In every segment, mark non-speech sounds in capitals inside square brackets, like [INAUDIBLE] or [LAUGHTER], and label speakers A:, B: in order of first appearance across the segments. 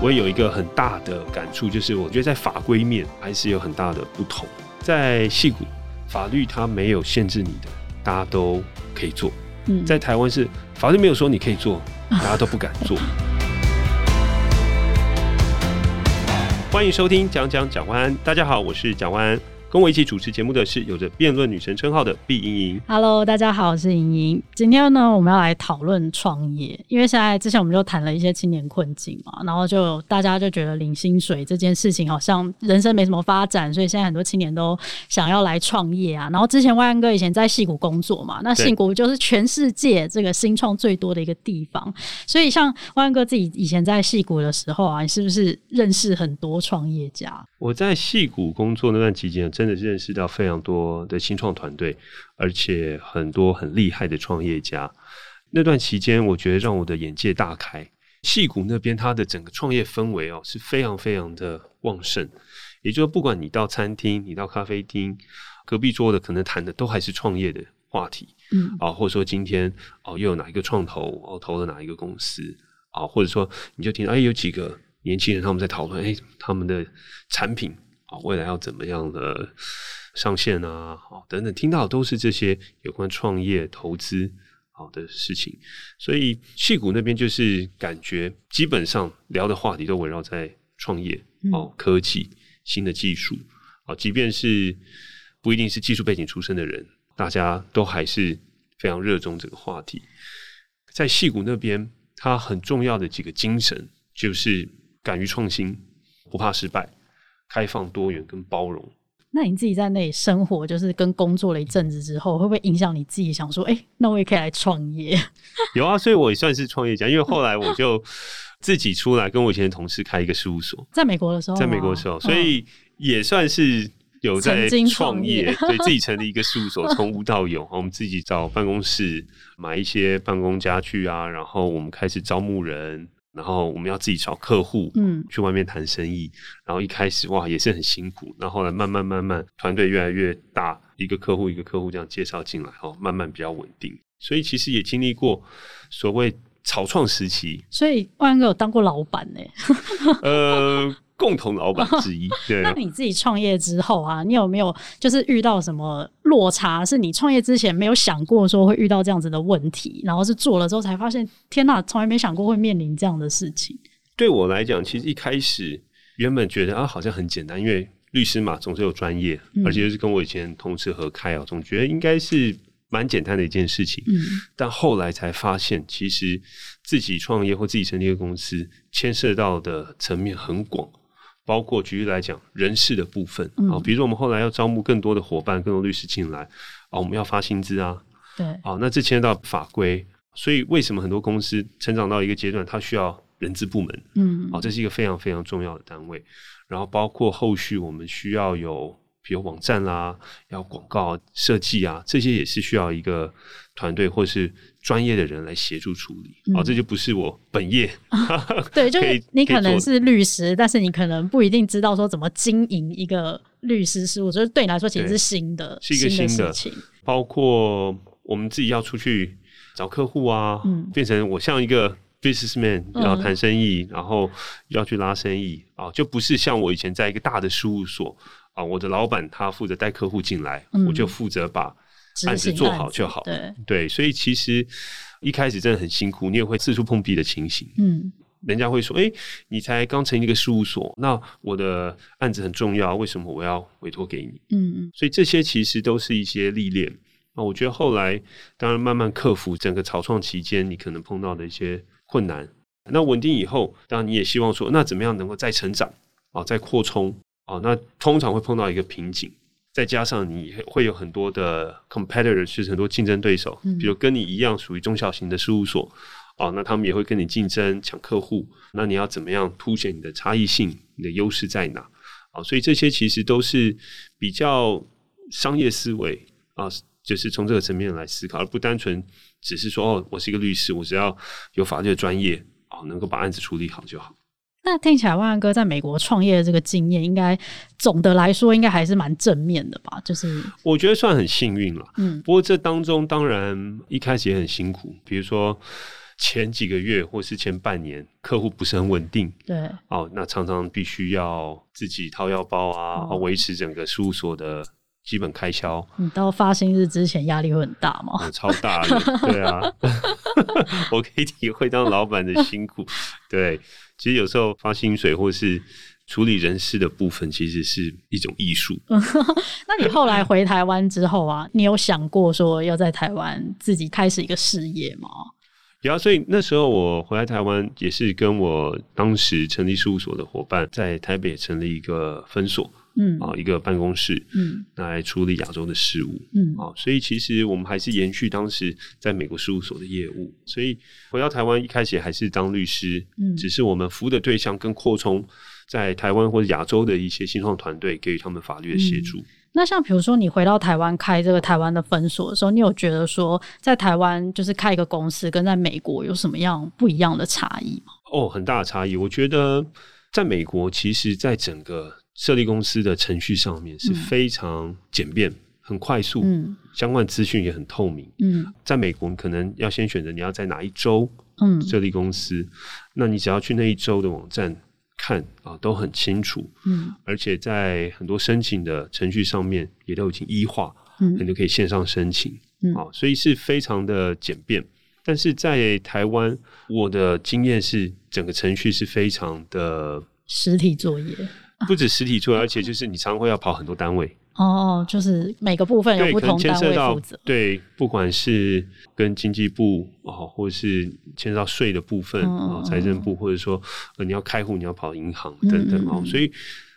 A: 我有一個很大的感觸，就是我覺得在法規面還是有很大的不同。在矽谷，法律，它沒有限制你的，大家都可以做；在台灣是法律沒有說你可以做，大家都不敢做。歡迎收聽講講蔣萬安，大家好，我是蔣萬安。跟我一起主持節目的是有着辯論女神稱號的
B: 畢瑩瑩。
C: Hello，大家好，我是瑩瑩。今天呢，我們要來討論創業，因為現在之前我們就談了一些青年困境嘛，然後就大家就覺得領薪水這件事情好像人生沒什麼發展，所以現在很多青年都想要來創業啊。然後之前萬安哥以前在矽谷工作嘛，那矽谷就是全世界這個新創最多的一個地方，所以像萬安哥自己以前在矽谷的時候啊，你是不是認識很多創業家？
A: 我在矽谷工作那段期間。真的認識到非常多的新創團隊，而且很多很厲害的創業家。那段期間，我覺得讓我的眼界大開。矽谷那邊，它的整個創業氛圍哦，是非常非常的旺盛。也就是不管你到餐廳，你到咖啡廳，隔壁桌的可能談的都還是創業的話題。嗯。啊，或者說今天哦又有哪一個創投哦投了哪一個公司啊，或者說你就聽哎有幾個年輕人他們在討論哎他們的產品。啊，未來要怎麼樣的上線啊？哦，等等，聽到的都是這些有關創業、投資好的事情，所以矽谷那邊就是感覺基本上聊的話題都圍繞在創業哦、嗯、科技、新的技術啊。即便是不一定是技術背景出身的人，大家都還是非常熱衷這個話題。在矽谷那邊，它很重要的幾個精神就是敢於創新，不怕失敗。開放、多元跟包容。
C: 那你自己在那裡生活，就是跟工作了一陣子之後，會不會影響你自己？想說，哎、欸，那我也可以來創業。
A: 有啊，所以我也算是創業家，因為後來我就自己出來跟我以前的同事開一個事務所。 [LAUGHS]
C: 在美國的時候，在美國的時候，所以
A: 也算是有在創業，對、嗯、自己成立一個事務所，從 [LAUGHS] 無到有，我們自己找辦公室，買一些辦公家具啊，然後我們開始招募人。然後我們要自己找客戶，嗯，去外面談生意。嗯、然後一開始哇也是很辛苦，然後，後來慢慢慢慢團隊越來越大，一個客戶一個客戶這樣介紹進來，哦，慢慢比較穩定。所以其實也經歷過所謂草創時期，
C: 所以萬哥有當過老闆呢。 [LAUGHS] 呃。 [LAUGHS]
A: 共同老闆之
B: 一。對 [LAUGHS] 那你
C: 自己創業之後啊，你有沒有就是遇到什麼落差？是你創業之前沒有想過說會遇到這樣子的問題，然後是做了之後才發現，天吶，從來沒想過會面臨這樣的事情。
A: 對我來講，其實一開始原本覺得啊，好像很簡單，因為律師嘛，總是有專業，嗯，而且是跟我以前同事合開啊，總覺得應該是蠻簡單的一件事情。嗯，但後來才發現，其實自己創業或自己成立一個公司，牽涉到的層面很廣。包括舉例來講，人事的部分啊、嗯，比如說我們後來要招募更多的夥伴，更多律師進來啊，我們要發薪資啊，對啊，那這牽涉到法規，所以為什麼很多公司成長到一個階段，它需要人資部門？嗯，啊，這是一個非常非常重要的單位，然後包括後續我們需要有。比如網站啦、啊，要廣告設、啊、計啊，這些也是需要一個團隊或是專業的人來協助處理啊、嗯哦，這就不是我本業。啊、 [LAUGHS] 對，就你可能是律師 [LAUGHS] 可以，可以做，你可能是
C: 律師，但是你可能不一定知道說怎麼經營一個律師事務所。對你來說，其實是新的，新的是一個新的,新的事
A: 情。包括我們自己要出去找客戶啊、嗯，變成我像一個 businessman，要談生意，嗯、然後要去拉生意啊、哦，就不是像我以前在一個大的事務所。啊，我的老闆他負責帶客戶進來，嗯，我就負責把
B: 案子做好就好，對，
A: 對，所以其實一開始真的很辛苦，你也會四處碰壁的情形。嗯，人家會說：“哎，欸，你才剛成立一個事務所，那我的案子很重要，為什麼我要委托給你？”嗯嗯，所以這些其實都是一些歷練。啊，我覺得後來當然慢慢克服整個草創期間你可能碰到的一些困難。那穩定以後，當然你也希望說，那怎麼樣能夠再成長啊，再擴充。哦，那通常會碰到一個瓶頸，再加上你會有很多的 competitor 是很多競爭對手，比如跟你一樣屬於中小型的事務所，哦，那他們也會跟你競爭搶客戶，那你要怎麼樣凸顯你的差異性，你的優勢在哪？啊、哦，所以這些其實都是比較商業思維啊、哦，就是從這個層面來思考，而不單純只是說哦，我是一個律師，我只要有法律的專業，哦，能夠把案子處理好就好。
C: 那聽起來，萬安哥在美國創業的這個經驗，應該總的來說應該還是蠻正面的吧？就是
A: 我覺得算很幸運了。嗯，不過這當中當然一開始也很辛苦，比如說前幾個月或是前半年，客戶不是很穩定。對哦，那常常必須要自己掏腰包啊，維、嗯、持整個事務所的基本開銷。
C: 你到發薪日之前壓力會很大嗎？嗯、
A: 超大的， [LAUGHS] 對啊， [LAUGHS] 我可以體會當老闆的辛苦。 [LAUGHS] 對。其實有時候發薪水或是處理人事的部分，其實是一種藝術。
C: [LAUGHS] 那你後來回台灣之後啊，你有想過說要在台灣自己開始一個事業嗎？
A: 然後，所以那時候我回來台灣，也是跟我當時成立事務所的夥伴，在台北成立一個分所，嗯，啊，一個辦公室，嗯，來處理亞洲的事務，嗯，啊、嗯，所以其實我們還是延續當時在美國事務所的業務，所以回到台灣一開始還是當律師，嗯，只是我們服務的對象更擴充在台灣或者亞洲的一些新創團隊，給予他們法律的協助。嗯
C: 那像比如說你回到台灣開這個台灣的分所的時候，你有覺得說在台灣就是開一個公司跟在美國有什麼樣不一樣的差異嗎？
A: 哦、oh，很大的差異。我覺得在美國，其實，在整個設立公司的程序上面是非常簡便、很快速，相關資訊也很透明。嗯，在美國你可能要先選擇你要在哪一州嗯設立公司、嗯，那你只要去那一州的網站。看啊，都很清楚。嗯，而且在很多申請的程序上面也都已經 e 化，嗯，你就可以線上申請。嗯、啊，所以是非常的簡便。但是在台灣，我的經驗是整個程序是非常的
C: 實體作業，
A: 不止實體作業、啊，而且就是你常常會要跑很多單位。
C: 哦，就是每個部分有不同單位負
A: 責，對，不管是跟經濟部哦，或者是牽涉到稅的部分，嗯哦，財政部，或者說呃，你要開戶，你要跑銀行等等嗯嗯哦，所以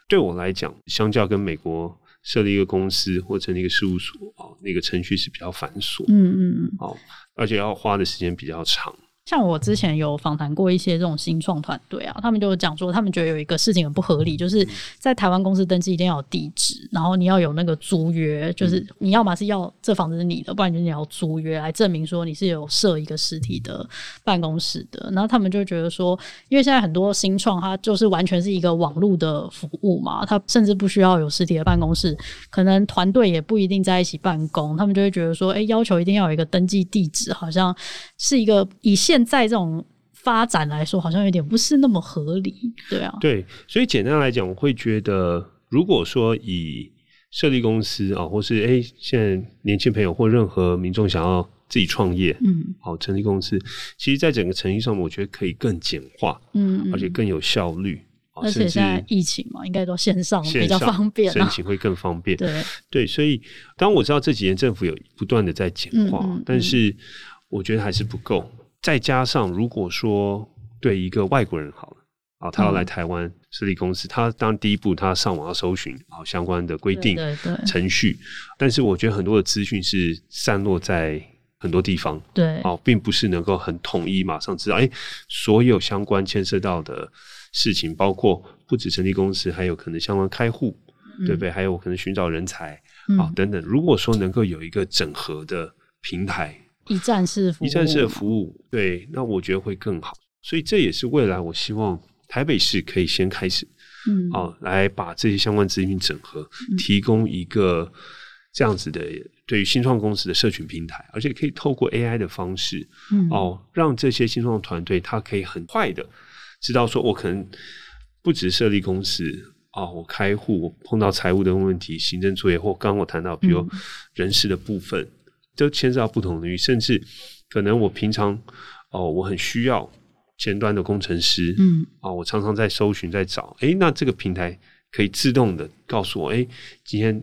A: 對我來講，相較跟美國設立一個公司或成立一個事務所哦，那個程序是比較繁瑣，嗯嗯嗯，哦，而且要花的時間比較長。
C: 像我之前有訪談過一些這種新創團隊啊，他們就講說，他們覺得有一個事情很不合理，就是在台灣公司登記一定要有地址，然後你要有那個租約，就是你要麼是要這房子是你的，不然就是你要租約來證明說你是有設一個實體的辦公室的。然後他們就覺得說，因為現在很多新創它就是完全是一個網絡的服務嘛，它甚至不需要有實體的辦公室，可能團隊也不一定在一起辦公，他們就會覺得說，哎、欸，要求一定要有一個登記地址，好像是一個以現。在這種發展來說，好像有點不是那麼合理，
A: 對啊，對，所以簡單來講，我會覺得，如果說以設立公司啊，或是哎、欸，現在年輕朋友或任何民眾想要自己創業，嗯，好成立公司，其實，在整個程序上面，我覺得可以更簡化，嗯，嗯，而且更有效率，而且現在
C: 疫情嘛，應該都線上比較方便、啊，申請
A: 會更方便，對對，所以，當然我知道這幾年政府有不斷的在簡化，嗯嗯嗯，但是我覺得還是不夠。再加上，如果說對一個外國人好了啊，他要來台灣設立公司，他當第一步，他上網要搜尋好相關的規定、程序。但是我覺得很多的資訊是散落在很多地方，對啊，並不是能夠很統一馬上知道。哎，所有相關牽涉到的事情，包括不止成立公司，還有可能相關開戶，對不對？還有可能尋找人才啊等等。如果說能夠有一個整合的平台，
C: 一站式服務，一站式服
A: 務，對，那我覺得會更好。所以這也是未來，我希望台北市可以先開始，嗯，啊、呃，來把這些相關資訊整合、嗯，提供一個這樣子的對於新創公司的社群平台，而且可以透過 AI 的方式，哦、嗯呃，讓這些新創團隊他可以很快的知道，說我可能不止設立公司啊、呃，我開戶碰到財務的問題、行政作業，或剛剛我談到，比如人事的部分。嗯都牽涉到不同領域，甚至可能我平常哦，我很需要前端的工程師，嗯，啊、哦，我常常在搜尋，在找誒，那這個平台可以自動的告訴我，誒今天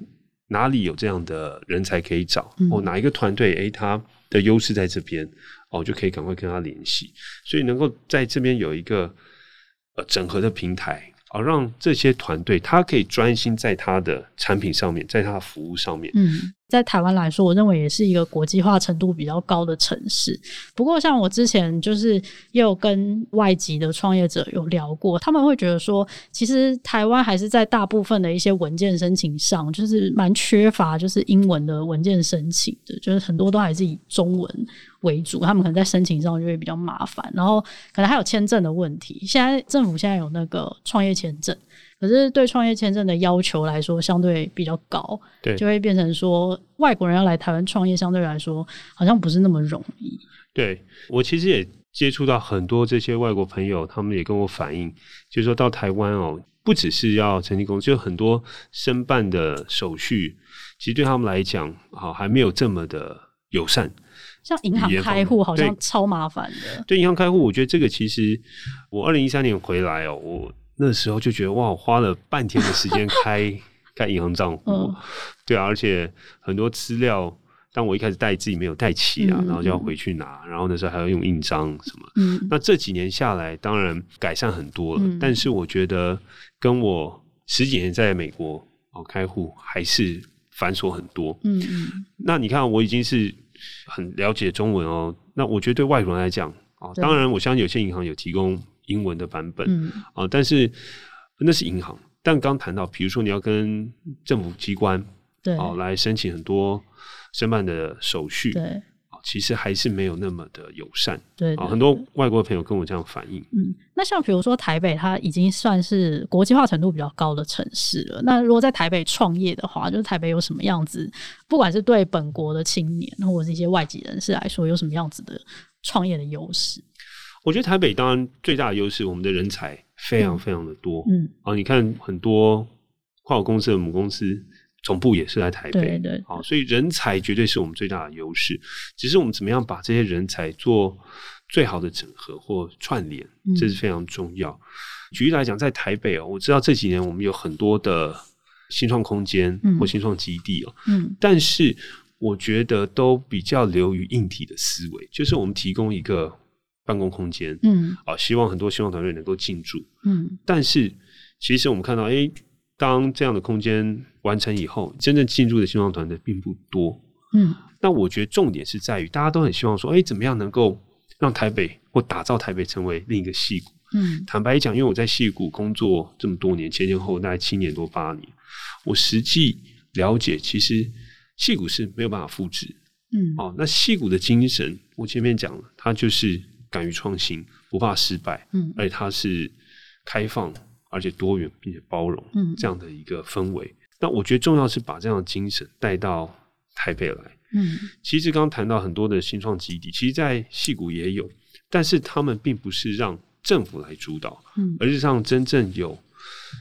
A: 哪裡有這樣的人才可以找？嗯、哦，哪一個團隊誒？他的優勢在這邊，哦，就可以趕快跟他聯繫。所以能夠在這邊有一個、呃、整合的平台，而、哦、讓這些團隊他可以專心在他的產品上面，在他的服務上面，
C: 嗯。在台灣來說，我認為也是一個國際化程度比較高的城市。不過，像我之前就是也有跟外籍的創業者有聊過，他們會覺得說，其實台灣還是在大部分的一些文件申請上，就是蠻缺乏就是英文的文件申請的，就是很多都還是以中文為主。他們可能在申請上就會比較麻煩，然後可能還有簽證的問題。現在政府現在有那個創業簽證。可是對創業簽證的要求來說，相對比較高，對，就會變成說外國人要來台灣創業，相對來說好像不是那麼容易。
A: 對，我其實也接觸到很多這些外國朋友，他們也跟我反映，就是、說到台灣哦、喔，不只是要成立公司，就很多申辦的手續，其實對他們來講，好、喔、還沒有這麼的友善。
C: 像銀行開戶好像超麻煩的。
A: 對銀行開戶，我覺得這個其實我二零一三年回來哦、喔，我。那時候就覺得哇，我花了半天的時間開 [LAUGHS] 開銀行賬戶，oh. 對啊，而且很多資料，當我一開始帶自己沒有帶齊啊，mm -hmm. 然後就要回去拿，然後那時候還要用印章什麼，mm -hmm. 那這幾年下來，當然改善很多了，mm -hmm. 但是我覺得跟我十幾年在美國哦開戶還是繁瑣很多，嗯、mm -hmm. 那你看我已經是很了解中文哦，那我覺得對外國人來講、哦、當然我相信有些銀行有提供，英文的版本啊、嗯哦，但是那是銀行。但剛談到，比如說你要跟政府機關對、哦、來申請很多申辦的手續，對、哦、其實還是沒有那麼的友善。對，對，對，對、哦、很多外國朋友跟我這樣反
B: 映。
C: 嗯，那像比如說台北，它已經算是國際化程度比較高的城市了。那如果在台北創業的話，就是台北有什麼樣子？不管是對本國的青年，或者是一些外籍人士來說，有什麼樣子的創業的優勢？
A: 我覺得台北當然最大的優勢，我們的人才非常非常的多嗯。嗯，啊，你看很多跨國公司的母公司總部也是在台北。對對對，啊，所以人才絕對是我們最大的優勢。只是我們怎麼樣把這些人才做最好的整合或串聯，嗯，這是非常重要。舉例來講，在台北喔，我知道這幾年我們有很多的新創空間或新創基地喔，嗯，嗯，但是我覺得都比較流於硬體的思維，就是我們提供一個。辦公空間，嗯，啊、哦，希望很多新創團隊能夠進駐，嗯，但是其實我們看到，哎、欸，當這樣的空間完成以後，真正進入的新創團隊並不多，嗯，那我覺得重點是在於，大家都很希望說，哎、欸，怎麼樣能夠讓台北或打造台北成為另一個矽谷，嗯，坦白講，因為我在矽谷工作這麼多年，前前後後大概七年多八年，我實際了解，其實矽谷是沒有辦法複製，嗯，哦，那矽谷的精神，我前面講了，它就是。敢於創新，不怕失敗，嗯，而且它是開放，而且多元，並且包容，嗯，這樣的一個氛圍。那我覺得重要是把這樣的精神帶到台北來，嗯。其實剛剛談到很多的新創基地，其實，在矽谷也有，但是他們並不是讓政府來主導，嗯，而是讓真正有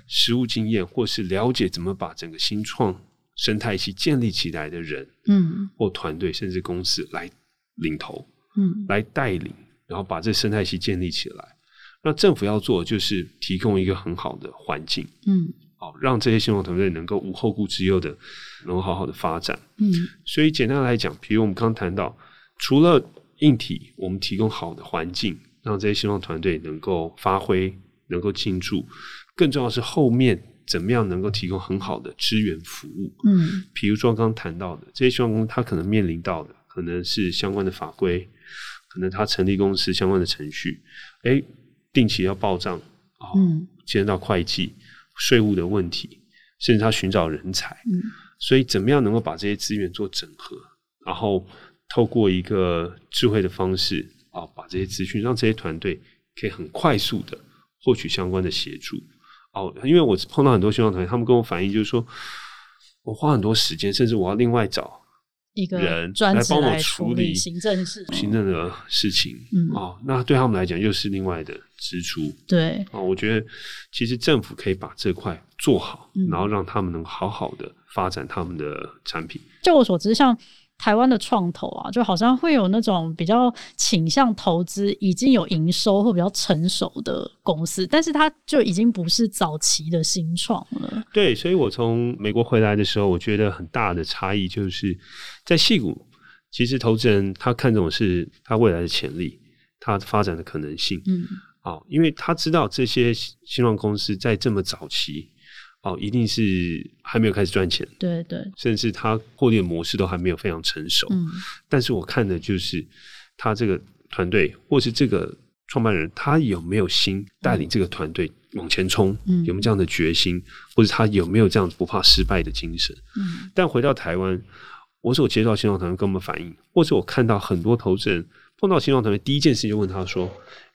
A: 實務經驗，或是了解怎麼把整個新創生態系建立起來的人，嗯，或團隊，甚至公司來領頭，嗯，來帶領。然後把這生態系建立起來，那政府要做的就是提供一個很好的環境，嗯，好、哦、讓這些新創團隊能夠無後顧之憂的，能夠好好的發展，嗯。所以簡單來講，比如我們剛，剛談到，除了硬體，我們提供好的環境，讓這些新創團隊能夠發揮，能夠進駐，更重要的是後面怎麼樣能夠提供很好的支援服務，嗯。比如說剛，剛談到的這些新創工，他可能面臨到的可能是相關的法規。可能他成立公司相關的程序，哎、欸，定期要報賬啊、哦，接到會計、稅務的問題，甚至他尋找人才。嗯、所以，怎麼樣能夠把這些資源做整合，然後透過一個智慧的方式啊、哦，把這些資訊讓這些團隊可以很快速的獲取相關的協助哦。因為我碰到很多新創團隊，他們跟我反映就是說，我花很多時間，甚至我要另外找。
B: 一個專門人來
A: 幫我處理行
C: 政事，行
A: 政的事情啊。那對他們來講又是另外的支出。對啊、哦，我覺得其實政府可以把這塊做好、嗯，然後讓他們能好好的發展他們的產品。嗯、
C: 就我所知，像。台灣的創投啊，就好像會有那種比較傾向投資已經有營收或比較成熟的公司，但是它就已經不是早期的新創了。
A: 對，所以我從美國回來的時候，我覺得很大的差異就是在矽谷，其實投資人他看重的是他未來的潛力，他發展的可能性。嗯，哦，因為他知道這些新創公司在這麼早期，哦，一定是還沒有開始賺錢，
B: 對，對對，
A: 甚至他獲利的模式都還沒有非常成熟。嗯、但是我看的就是他這個團隊，或是這個創辦人，他有沒有心帶領這個團隊往前衝，嗯，有沒有這樣的決心，嗯、或者他有沒有這樣不怕失敗的精神？嗯、但回到台灣，我所接觸到新創團隊跟我們反映，或是我看到很多投資人碰到新創團隊，第一件事就問他說：“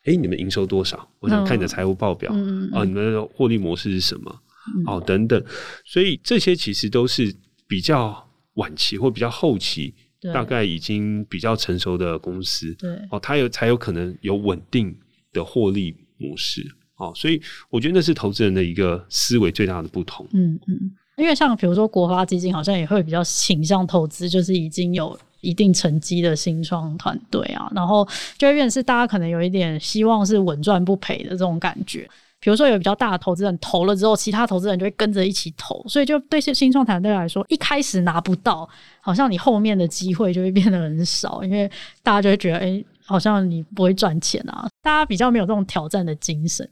A: 哎、欸，你們營收多少？我想看你的財務報表。嗯、啊、嗯，你們的獲利模式是什麼？”哦，等等，所以這些其實都是比較晚期或比較後期，大概已經比較成熟的公司，對，哦，它有才有可能有穩定的獲利模式，哦，所以我覺得那是投資人的一個思維最大的不同，
C: 嗯嗯，因為像比如說國發基金好像也會比較傾向投資，就是已經有一定成績的新創團隊啊，然後就會變成是大家可能有一點希望是穩賺不賠的這種感覺。比如說有比較大的投資人投了之後，其他投資人就會跟着一起投，所以就對新新創團隊來說，一開始拿不到，好像你後面的機會就會變得很少，因為大家就會覺得，哎、欸，好像你不會賺錢啊，大家比較沒有這種挑戰的精神。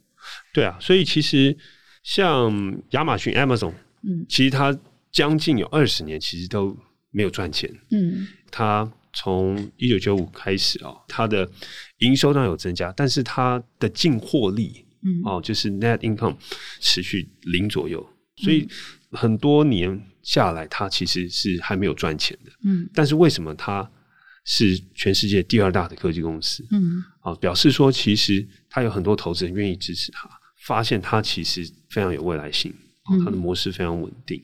A: 對啊，所以其實像亞馬遜 Amazon，嗯，其實它將近有二十年，其實都沒有賺錢。嗯，它從一九九五開始啊，它的營收上有增加，但是它的淨獲利。嗯、哦，就是 net income 持續零左右，所以很多年下來，它其實是還沒有賺錢的。嗯，但是為什麼它是全世界第二大的科技公司？
B: 嗯，
A: 啊、哦，表示說其實它有很多投資人願意支持它，發現它其實非常有未來性，啊、哦，它、嗯、的模式非常穩定。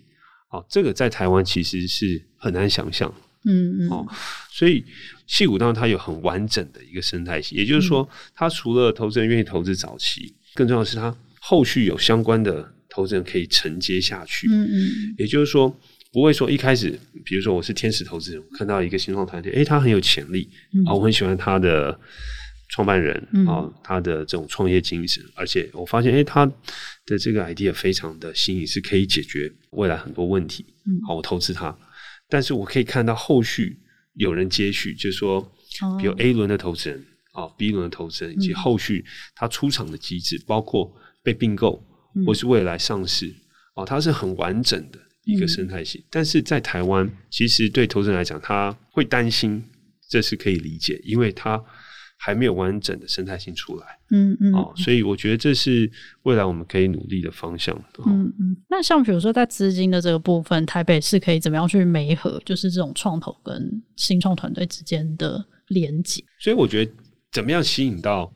A: 啊、哦，這個在台灣其實是很難想象。嗯嗯。哦，所以矽谷當然它有很完整的一個生態系，也就是說，它除了投資人願意投資早期。更重要的是，它後續有相關的投資人可以承接下去、嗯。嗯，也就是說，不會說一開始，比如說我是天使投資人，看到一個新創團隊，誒、欸，他很有潛力，啊、嗯嗯、哦，我很喜歡他的創辦人，啊、哦，他的這種創業精神，嗯嗯，而且我發現，誒、欸，他的這個 idea 非常的新穎，是可以解決未來很多問題。嗯，嗯。好、哦，我投資他，但是我可以看到後續有人接續，就是說，比如 A 輪的投資人。哦啊、哦、B 輪的投資人，以及後續它出場的機制、嗯，包括被併購、嗯、或是未來上市，啊、哦，它是很完整的一個生態系、嗯、但是在台灣，其實對投資人來講，他會擔心，這是可以理解，因為他還沒有完整的生態系出來。嗯嗯。啊、哦，所以我覺得這是未來我們可以努力的方向。
C: 哦、嗯嗯。那像比如說在資金的這個部分，台北是可以怎麼樣去媒合，就是這種創投跟新創團隊之間的連結。
A: 所以我覺得。怎麼樣吸引到，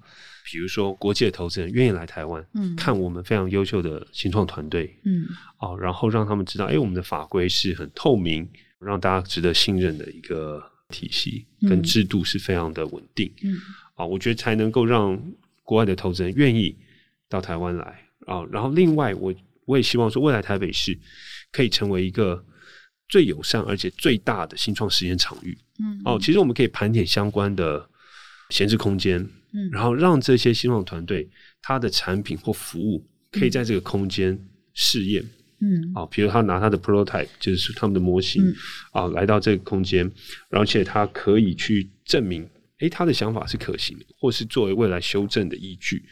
A: 比如說國際的投資人願意來台灣，嗯，看我們非常優秀的新創團隊，嗯，哦，然後讓他們知道，哎，我們的法規是很透明，讓大家值得信任的一個體系跟制度是非常的穩定，嗯，啊、哦，我覺得才能夠讓國外的投資人願意到台灣來，啊、哦，然後另外我我也希望說，未來台北市可以成為一個最友善而且最大的新創實驗場域，
B: 嗯，哦，嗯、
A: 其實我們可以盤點相關的。閒置空間，嗯，然後讓這些新創團隊，他的產品或服務可以在這個空間試驗，嗯，嗯啊，比如他拿他的 prototype，就是他們的模型，嗯，啊，來到這個空間，而且他可以去證明，誒，他的想法是可行的，或是作為未來修正的依據，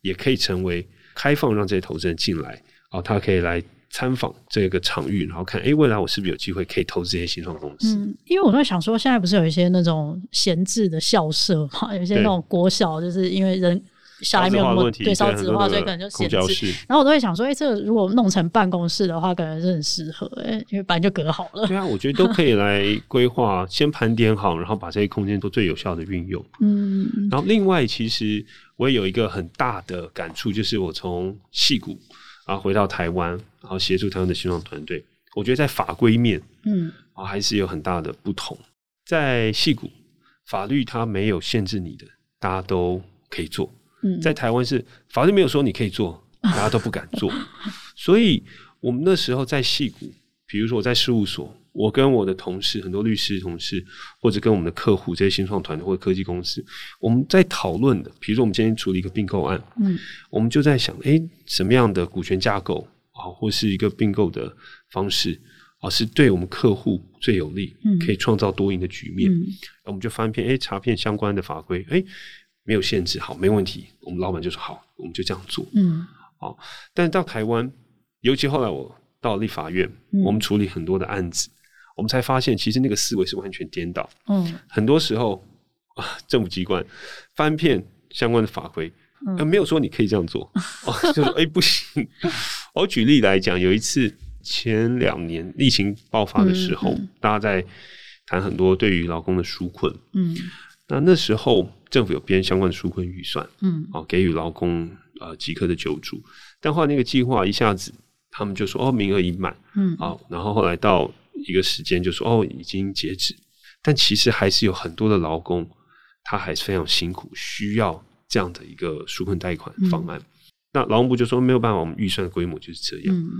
A: 也可以成為開放讓這些投資人進來，啊，他可以來。參訪這個場域，然後看，哎、欸，未來我是不是有機會可以投資這些新創公
C: 司，嗯？因為我都會想說，現在不是有一些那種閒置的校舍嘛？有一些那種國小，就是因為人下一代沒有那麼對少子化的話，所以可能就閒置。然後我都會想說，哎、欸，這個、如果弄成辦公室的話，可能是很適合、欸，因為本來就隔好了。對啊，我覺得都可以
A: 來規劃，先盤點好， [LAUGHS] 然後把這些空間都最有效的運用。嗯，然後另外其實我也有一個很大的感觸，就是我從矽谷。然後回到台灣，然後協助台灣的新創團隊。我覺得在法規面，嗯，啊，還是有很大的不同。嗯，在矽谷法律它沒有限制你的，大家都可以做。嗯，在台灣是法律沒有說你可以做，大家都不敢做。啊、所以，我們那時候在矽谷比如說我在事務所。我跟我的同事，很多律師同事，或者跟我們的客戶，這些新創團隊或者科技公司，我們在討論的，比如說我們今天處理一個併購案，嗯，我們就在想，誒、欸，什麼樣的股權架構啊，或是一個併購的方式啊，是對我們客戶最有利，嗯、可以創造多贏的局面，那、嗯、我們就翻篇，誒、欸，查遍相關的法規，誒、欸，沒有限制，好，沒問題，我們老闆就說好，我們就這樣做，嗯，好，但是到台灣，尤其後來我到立法院，嗯、我們處理很多的案子。我們才發現，其實那個思維是完全顛倒。嗯、哦，很多時候，啊，政府機關翻遍相關的法規、嗯呃，沒有說你可以這樣做，嗯哦、就說哎、欸、不行。 [LAUGHS] 我舉例來講，有一次前兩年疫情爆發的時候，嗯嗯、大家在談很多對於勞工的紓困，嗯，那那時候政府有編相關的紓困預算，嗯，哦、給予勞工呃即刻的救助，但後來那個計劃一下子他們就說哦名額已滿，嗯、哦，然後後來到。一個時間就說哦已經截止，但其實還是有很多的勞工，他還是非常辛苦，需要這樣的一個紓困貸款方案。嗯、那勞工部就說沒有辦法，我們預算的規模就是這樣、嗯。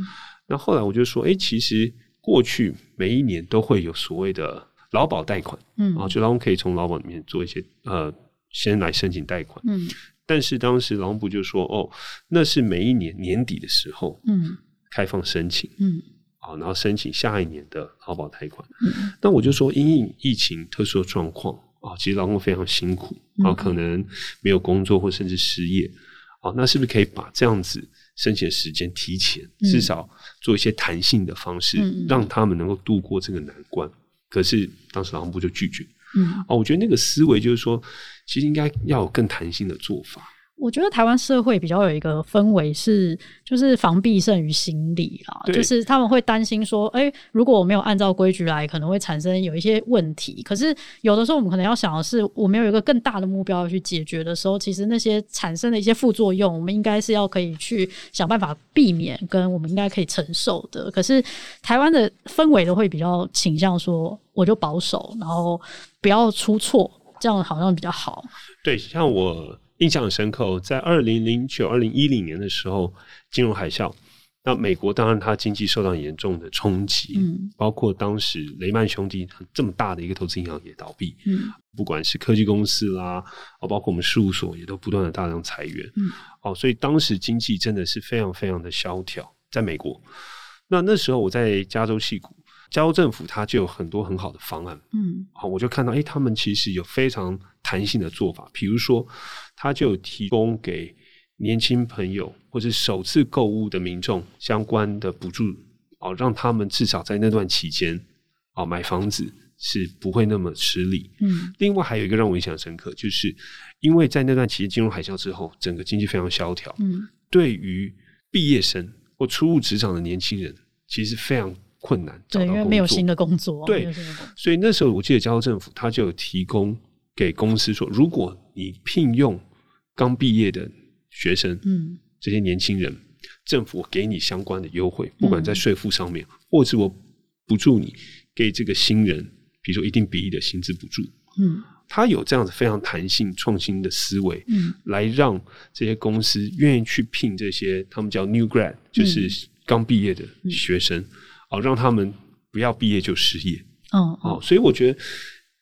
A: 那後來我就說，哎、欸，其實過去每一年都會有所謂的勞保貸款，嗯，啊，就勞工可以從勞保裡面做一些呃，先來申請貸款，嗯。但是當時勞工部就說，哦，那是每一年年底的時候，嗯，開放申請，嗯。嗯然後申請下一年的勞保貸款。嗯、那我就說，因為疫情特殊的狀況啊，其實勞工非常辛苦啊，嗯、可能沒有工作或甚至失業、嗯。啊，那是不是可以把這樣子申請的時間提前，嗯、至少做一些彈性的方式、嗯，讓他們能夠度過這個難關？可是當時勞動部就拒絕、嗯。啊，我覺得那個思維就是說，其實應該要有更彈性的做法。
C: 我覺得台灣社會比較有一個氛圍是，就是防弊勝於興利啊。就是他們會擔心說，哎、欸，如果我沒有按照規矩來，可能會產生有一些問題。可是有的時候我們可能要想的是，我們有一個更大的目標要去解決的時候，其實那些產生的一些副作用，我們應該是要可以去想辦法避免，跟我們應該可以承受的。可是台灣的氛圍都會比較傾向說，我就保守，然後不要出錯，這樣好像比較好。
A: 對，像我。印象很深刻，在二零零九、二零一零年的時候，金融海嘯，那美國當然它經濟受到嚴重的衝擊，嗯，包括當時雷曼兄弟這麼大的一個投資銀行也倒閉，嗯，不管是科技公司啦，哦，包括我們事務所也都不斷的大量裁員、嗯，哦，所以當時經濟真的是非常非常的蕭條，在美國，那那時候我在加州矽谷。加州政府它就有很多很好的方案，嗯，好，我就看到，哎、欸，他們其實有非常彈性的做法，比如說，他就提供給年輕朋友或者首次購物的民眾相關的補助，哦，讓他們至少在那段期間，哦，買房子是不會那麼吃力，嗯。另外還有一個讓我印象深刻，就是因為在那段期間金融海嘯之後，整個經濟非常蕭條，嗯，對於畢業生或初入職場的年輕人，其實非常。困難，
C: 對，因為沒有新的工作，對，
A: 所以那時候我記得加州政府他就有提供給公司說，如果你聘用剛畢業的學生，嗯，這些年輕人，政府我給你相關的優惠，不管在稅負上面，嗯、或者是我補助你給這個新人，比如說一定比例的薪資補助，嗯，他有這樣子非常彈性創新的思維，嗯，來讓這些公司願意去聘這些他們叫 new grad，就是剛畢業的學生。嗯嗯哦，讓他們不要畢業就失業。Oh. 哦，所以我覺得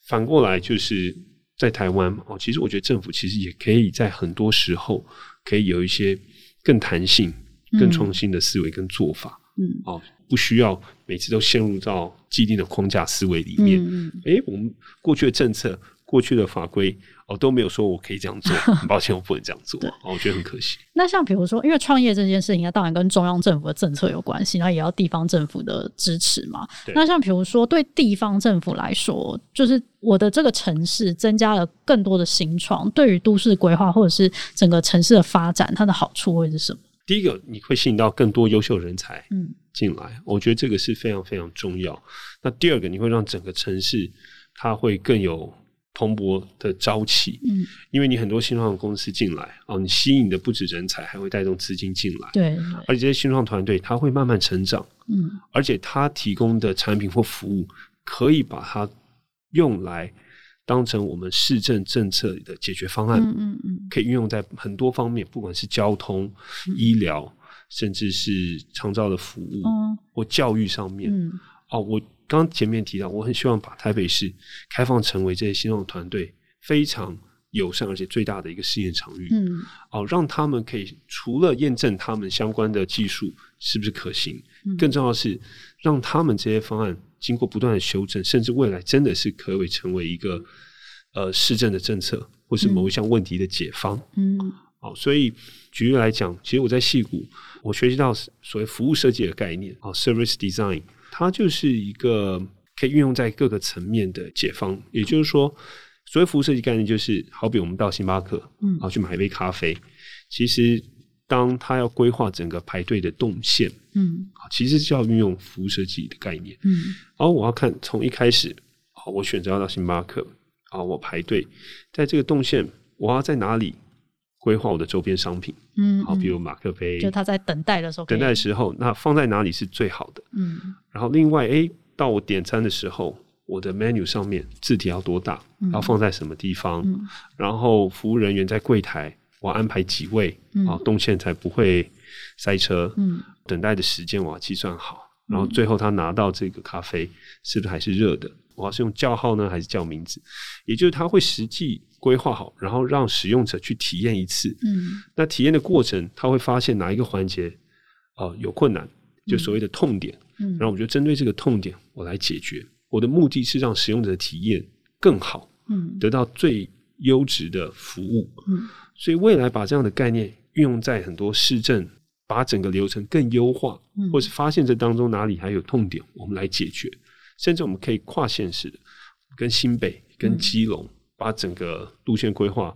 A: 反過來，就是在台灣哦，其實我覺得政府其實也可以在很多時候，可以有一些更彈性、更創新的思維跟做法。嗯，哦，不需要每次都陷入到既定的框架思維裡面。嗯，欸，我們過去的政策、過去的法規。我、哦、都沒有說我可以這樣做，很 [LAUGHS] 抱歉，我不能這樣做。哦、我覺得很可惜。
C: 那像比如說，因為創業這件事情，它當然跟中央政府的政策有關係，那也要地方政府的支持嘛。對。那像比如說，對地方政府來說，就是我的這個城市增加了更多的新創，對於都市規劃或者是整個城市的發展，它的好處會是什麼？
A: 第一個，你會吸引到更多優秀人才，嗯，進來。我覺得這個是非常非常重要。那第二個，你會讓整個城市它會更有。蓬勃的朝氣，嗯，因為你很多新創公司進來，啊、哦，你吸引的不只人才，還會帶動資金進來，對，而且這些新創團隊，他會慢慢成長，嗯，而且他提供的產品或服務，可以把它用來當成我們市政政策的解決方案，嗯嗯嗯，可以運用在很多方面，不管是交通、嗯、醫療，甚至是長照的服務或教育上面，嗯。嗯哦，我剛前面提到，我很希望把台北市開放成為這些新創團隊非常友善而且最大的一個試驗場域。嗯，哦，讓他們可以除了驗證他們相關的技術是不是可行，嗯、更重要的是讓他們這些方案經過不斷的修正，嗯、甚至未來真的是可以成為一個呃市政的政策，或是某一項問題的解方。嗯，嗯哦、所以舉例來講，其實我在矽谷，我學習到所謂服務設計的概念，啊、哦、service design。它就是一個可以運用在各個層面的解方，也就是說，所謂服務設計概念，就是好比我們到星巴克，嗯，然後去買一杯咖啡，其實當他要規劃整個排隊的動線，嗯，其實就要運用服務設計的概念，嗯，然後我要看從一開始，好，我選擇要到星巴克，啊，我排隊，在這個動線，我要在哪裡？規劃我的周邊商品，嗯，好，比如馬克杯，就他
C: 在等待的時候，等待的
A: 時候，那放在哪裡是最好的？嗯，然後另外，誒，到我點餐的時候，我的 menu 上面字體要多大，要，嗯，放在什麼地方，嗯？然後服務人員在櫃台，我安排幾位啊，嗯，動線才不會塞車。嗯，等待的時間我要計算好，嗯，然後最後他拿到這個咖啡，是不是還是熱的？我要是用叫號呢，還是叫名字？也就是他會實際規劃好，然後讓使用者去體驗一次。嗯，那體驗的過程，他會發現哪一個環節、呃、有困難，
B: 就所謂的痛點。嗯，然
A: 後我就針對這個痛點，我來解決、嗯。我的目的是讓使用者體驗更好，嗯，得到最優質的服務。嗯，所以未來把這樣的概念運用在很多市政，把整個流程更優化，嗯，或是發現這當中哪裡還有痛點，我們來解決。甚至我們可以跨縣市，跟新北、跟基隆，把整個路線規劃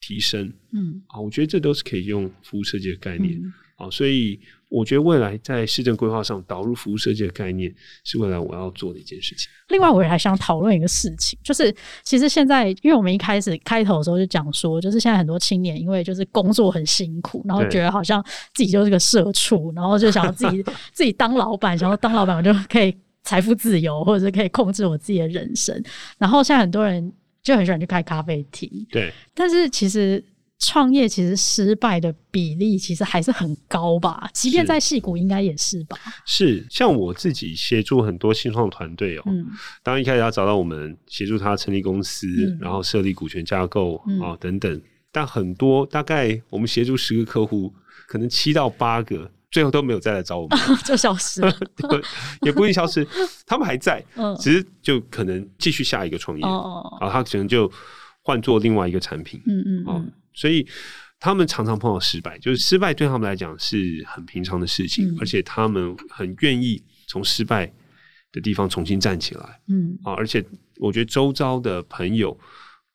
A: 提升。嗯，啊，我覺得這都是可以用服務設計的概念。啊，所以我覺得未來在市政規劃上導入服務設計的概念，是未來我要做的一件事情。
C: 另外，我也還想討論一個事情，就是其實現在，因為我們一開始開頭的時候就講說，就是現在很多青年因為就是工作很辛苦，然後覺得好像自己就是個社畜，然後就想要自己自己當老闆，想要當老闆，我就可以，財富自由，或者是可以控制我自己的人生。然後像很多人就很喜歡去開咖啡廳。
B: 對，
C: 但是其實創業其實失敗的比例其實還是很高吧，即便在矽谷應該也是吧是
A: 是，像我自己協助很多新創團隊哦，當一開始他找到我們協助他成立公司，嗯、然後設立股權架構啊，、嗯喔、等等，但很多大概我們協助十個客戶，可能七到八個。最後都沒有再來找我們
C: [LAUGHS] 就小事 [LAUGHS] 對，就消失，
A: 也不一定消失， [LAUGHS] 他們還在，嗯、只是就可能繼續下一個創業，啊、哦，然後他可能就換做另外一個產品，嗯嗯、哦，所以他們常常碰到失敗，就是失敗對他們來講是很平常的事情，嗯、而且他們很願意從失敗的地方重新站起來，嗯，嗯，啊、哦，而且我覺得周遭的朋友，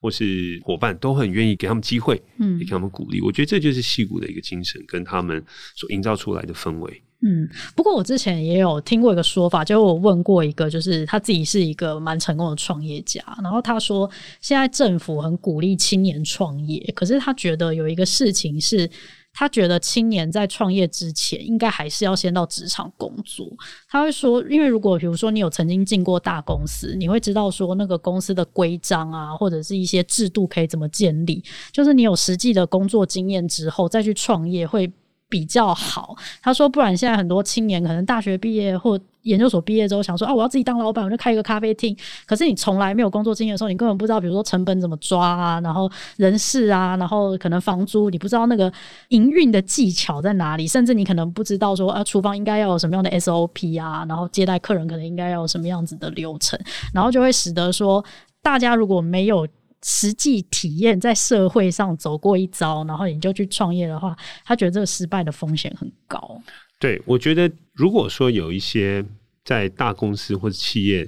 A: 或是夥伴都很願意給他們機會，嗯，也給他們鼓勵、嗯。我覺得這就是矽谷的一個精神，跟他們所營造出來的氛圍。
C: 嗯，不過我之前也有聽過一個說法，就是我問過一個，就是他自己是一個蠻成功的創業家，然後他說現在政府很鼓勵青年創業，可是他覺得有一個事情是。他覺得青年在創業之前，應該還是要先到職場工作。他會說，因為如果比如說你有曾經進過大公司，你會知道說那個公司的規章啊，或者是一些制度可以怎麼建立。就是你有實際的工作經驗之後，再去創業會比較好，他說，不然現在很多青年可能大學畢業或研究所畢業之後，想說啊，我要自己當老闆，我就開一個咖啡廳。可是你從來沒有工作經驗的時候，你根本不知道，比如說成本怎麼抓啊，然後人事啊，然後可能房租，你不知道那個營運的技巧在哪裡，甚至你可能不知道說啊，廚房應該要有什麼樣的 SOP 啊，然後接待客人可能應該要有什麼樣子的流程，然後就會使得說大家如果沒有。實際體驗在社會上走過一遭，然後你就去創業的話，他覺得這個失敗的風險很
A: 高。對，我覺得如果說有一些在大公司或者企業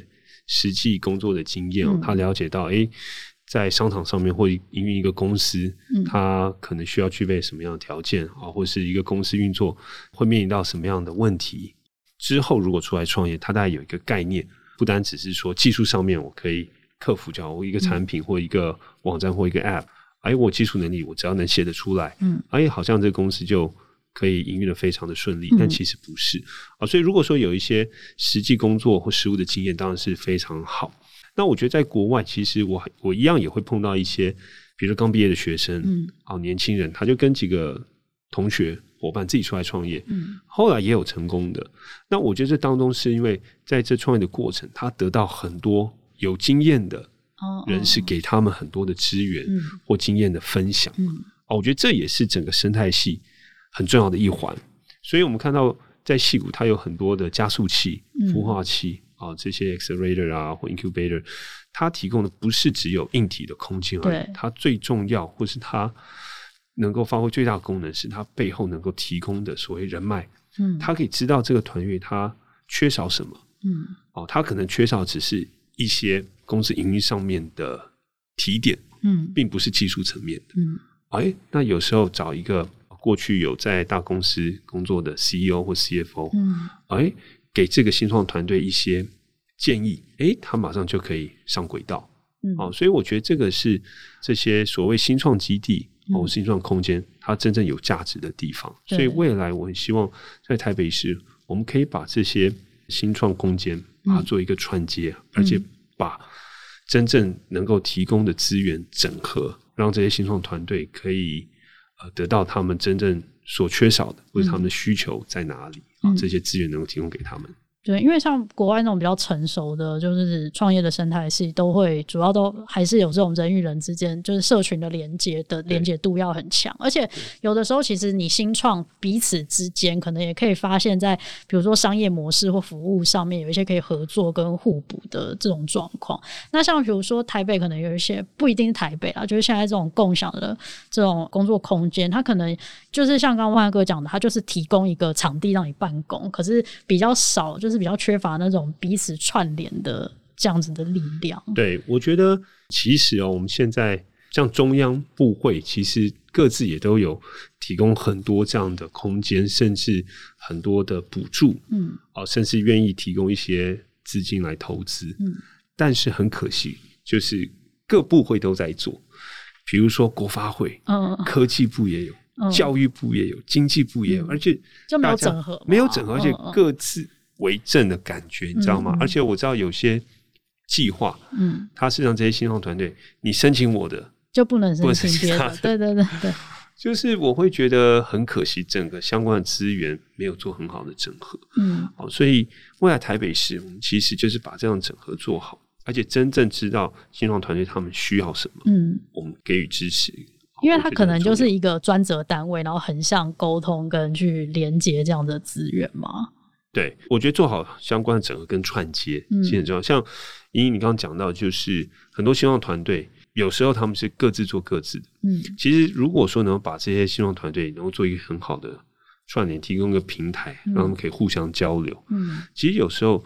A: 實際工作的經驗，嗯，他了解到，哎，在商場上面或營運一個公司，嗯，他可能需要具備什麼樣的條件啊，或是一個公司運作會面臨到什麼樣的問題，之後如果出來創業，他大概有一個概念，不單只是說技術上面我可以。客服，叫我一個產品或一個網站或一個 App，、嗯、哎，我技術能力我只要能寫的出來，嗯，且、哎、好像這個公司就可以營運的非常的順利，但其實不是、嗯、啊。所以如果說有一些實際工作或實務的經驗，當然是非常好。那我覺得在國外，其實我我一樣也會碰到一些，比如說剛畢業的學生，嗯，啊，年輕人，他就跟幾個同學夥伴自己出來創業，嗯，後來也有成功的。那我覺得這當中是因為在這創業的過程，他得到很多。有經驗的人是給他們很多的資源或經驗的分享。哦，我覺得這也是整個生態系很重要的一環。所以我們看到在矽谷，它有很多的加速器、孵化器啊、嗯哦，這些 accelerator 啊或 incubator，它提供的不是只有硬體的空間而已。它最重要或是它能夠發揮最大功能，是它背後能夠提供的所謂人脈。嗯，它可以知道這個團隊它缺少什麼。嗯，哦，它可能缺少只是。一些公司營運上面的提點，嗯，並不是技術層面
B: 的
A: 嗯，嗯，哎，那有時候找一個過去有在大公司工作的 CEO 或 CFO，嗯，哎，給這個新創團隊一些建議，哎，他馬上就可以上軌道，嗯，哦，所以我覺得這個是這些所謂新創基地哦，新創空間它真正有價值的地方，嗯，所以未來我很希望在台北市，我們可以把這些新創空間，啊，做一個串接，而且把真正能夠提供的資源整合，讓這些新創團隊可以呃得到他們真正所缺少的，或者他們的需求在哪裡，啊，這些資源能夠提供給他們。
C: 對，因為像國外那種比較成熟的，就是創業的生態系，都會主要都還是有這種人與人之間，就是社群的連接的連接度要很強。而且有的時候，其實你新創彼此之間，可能也可以發現，在比如說商業模式或服務上面，有一些可以合作跟互補的這種狀況。那像比如說台北，可能有一些不一定是台北啦，就是現在這種共享的這種工作空間，它可能就是像剛剛萬哥講的，它就是提供一個場地讓你辦公，可是比較少，就是。是比較缺乏那種彼此串聯的這樣子的力量。
A: 對，我覺得其實哦，我們現在像中央部會，其實各自也都有提供很多這樣的空間，甚至很多的補助。嗯，哦，甚至願意提供一些資金來投資。嗯，但是很可惜，就是各部會都在做，比如說國發會，嗯，科技部也有，嗯、教育部也有，經濟部也有，嗯、而且就沒有整合，嗯、沒有整合，而且各自。嗯為政的感覺，你知道嗎？嗯、而且我知道有些計劃，嗯，他是讓這些新創團隊，你申請我的
C: 就不能申請別的，對對對對，
A: 就是我會覺得很可惜，整個相關的資源沒有做很好的整合，嗯，好，所以未來台北市我們其實就是把這樣整合做好，而且真正知道新創團隊他們需要什麼，嗯，我們給予支持，
C: 因為他可能就是一個專責單位，然後橫向溝通跟去連接這樣的資源嘛。
A: 對，我覺得做好相關的整合跟串接、嗯、其實很重要。像盈盈你剛剛講到，就是很多新創團隊有時候他們是各自做各自的。嗯，其實如果說能把這些新創團隊能夠做一個很好的串聯，提供一個平台，嗯、讓他們可以互相交流。嗯，其實有時候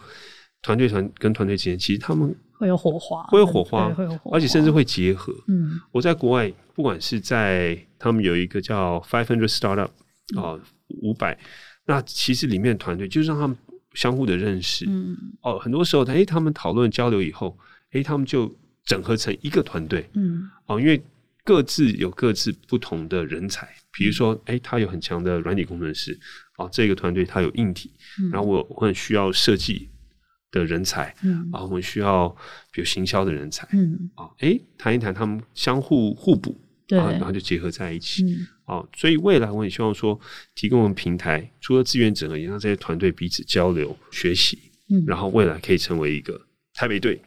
A: 團隊團跟團隊之間，其實他們
C: 會有火花，會有火花，會有火花，而且甚至
A: 會結合。嗯，我在國外，不管是在他們有一個叫 Five Hundred Startup，啊、嗯，五、呃、百。500, 那其實裡面的團隊就是讓他們相互的認識，嗯，哦，很多時候，哎，他們討論交流以後，哎，他們就整合成一個團隊，嗯，哦，因為各自有各自不同的人才，比如說，哎，他有很強的軟體工程師，哦，這個團隊他有硬體，嗯，然後我我很需要設計的人才，啊，嗯，我們需要比如行銷的人才，嗯，啊，哦，哎，談一談他們相互互補。對，然後就結合在一起。嗯，所以未來我也希望說，提供我們平台，除了資源整合，也讓這些團隊彼此交流學習，
B: 嗯，然
A: 後未來可以成為一個台北隊。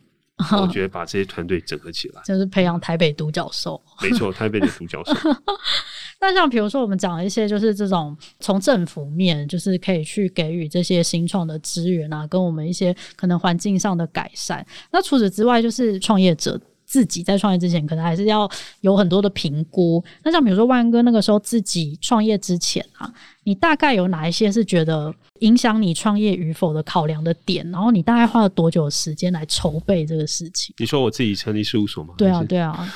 A: 我覺得把這些團隊整合起來，啊、就
C: 是培養台北獨角獸。
A: 沒錯，台北的獨角獸。
C: [LAUGHS] [LAUGHS] 那像比如說我們講了一些，就是這種從政府面，就是可以去給予這些新創的資源啊，跟我們一些可能環境上的改善。那除此之外，就是創業者。自己在創業之前，可能還是要有很多的評估。那像比如說萬哥那個時候自己創業之前啊，你大概有哪一些是覺得影響你創業與否的考量的點？然後你大概花了多久的時間來籌備這個事情？
A: 你說我自己成立事務所嗎？對啊，對啊。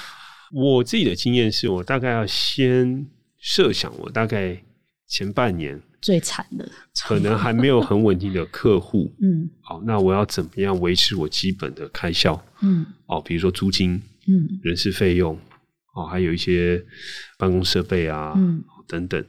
A: 我自己的經驗是我大概要先設想，我大概前半年。
C: 最慘的，
A: 可能還沒有很穩定的客戶。 [LAUGHS] 嗯，
C: 好，
A: 那我要怎麼樣維持我基本的開銷？嗯，哦，比如說租金，嗯，人事費用，哦，還有一些辦公設備啊，嗯，等等，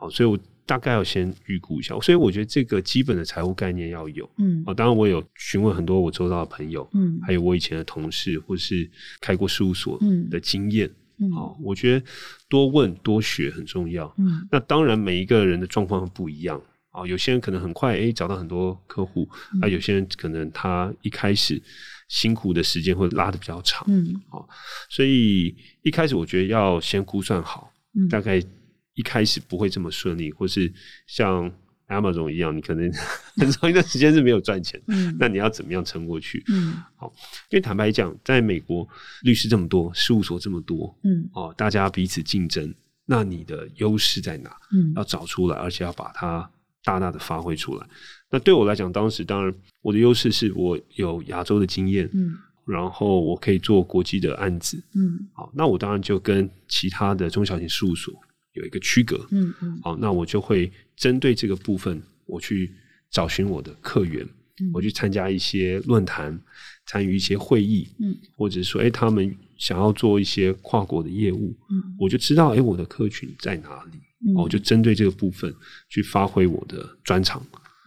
A: 哦，所以我大概要先預估一下。所以我覺得這個基本的財務概念要有。嗯，哦、當然我有詢問很多我周遭的朋友，嗯，還有我以前的同事或是開過事務所，嗯的經驗，嗯，好、嗯哦，我覺得。多問多學很重要。嗯，那當然，每一個人的狀況不一樣啊，哦。有些人可能很快誒找到很多客戶，嗯啊，有些人可能他一開始辛苦的時間會拉得比較長。嗯哦，所以一開始我覺得要先估算好，嗯，大概一開始不會這麼順利，或是像。Amazon 一樣，你可能很長一段時間是沒有賺錢，嗯、 [LAUGHS] 那你要怎麼樣撐過去、嗯？好，因為坦白講，在美國律師這麼多，事務所這麼多，嗯哦、大家彼此競爭，那你的優勢在哪、嗯？要找出來，而且要把它大大的發揮出來。那對我來講，當時當然我的優勢是我有亞洲的經驗、嗯，然後我可以做國際的案子、嗯，好，那我當然就跟其他的中小型事務所有一個區隔、嗯嗯，好，那我就會。針對這個部分，我去找尋我的客源、嗯，我去參加一些論壇，參與一些會議，嗯，或者是說，誒、欸、他們想要做一些跨國的業務，嗯，我就知道，誒、欸、我的客群在哪裡，嗯，我、哦、就針對這個部分去發揮我的專長，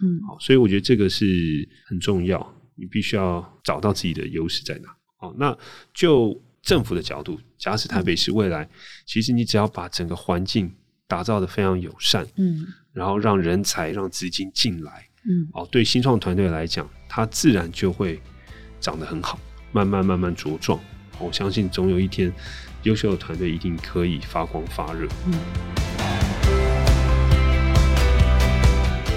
A: 嗯，好、哦，所以我覺得這個是很重要，你必須要找到自己的優勢在哪，哦，那就政府的角度，假使台北市未來，嗯、其實你只要把整個環境打造得非常友善，嗯。然後讓人才、讓資金進來，嗯，哦，對新創團隊來講，它自然就會長得很好，慢慢、慢慢茁壯，哦。我相信總有一天，優秀的團隊一定可以發光發熱。嗯，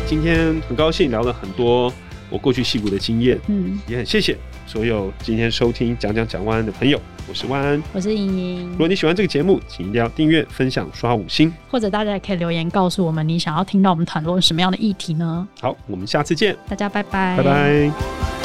A: 今天很高興聊了很多。我過去矽谷的經驗，嗯，也很謝謝所有今天收聽講講蔣萬安的朋友。我是萬安、安，
C: 我是盈盈。如果你
A: 喜歡這個節目，請一定要訂閱、分享、刷五星，
C: 或者大家也可以留言告訴我們，你想要聽到我們談論什麼樣的議題呢？
A: 好，我們下次見，大家拜拜，拜拜。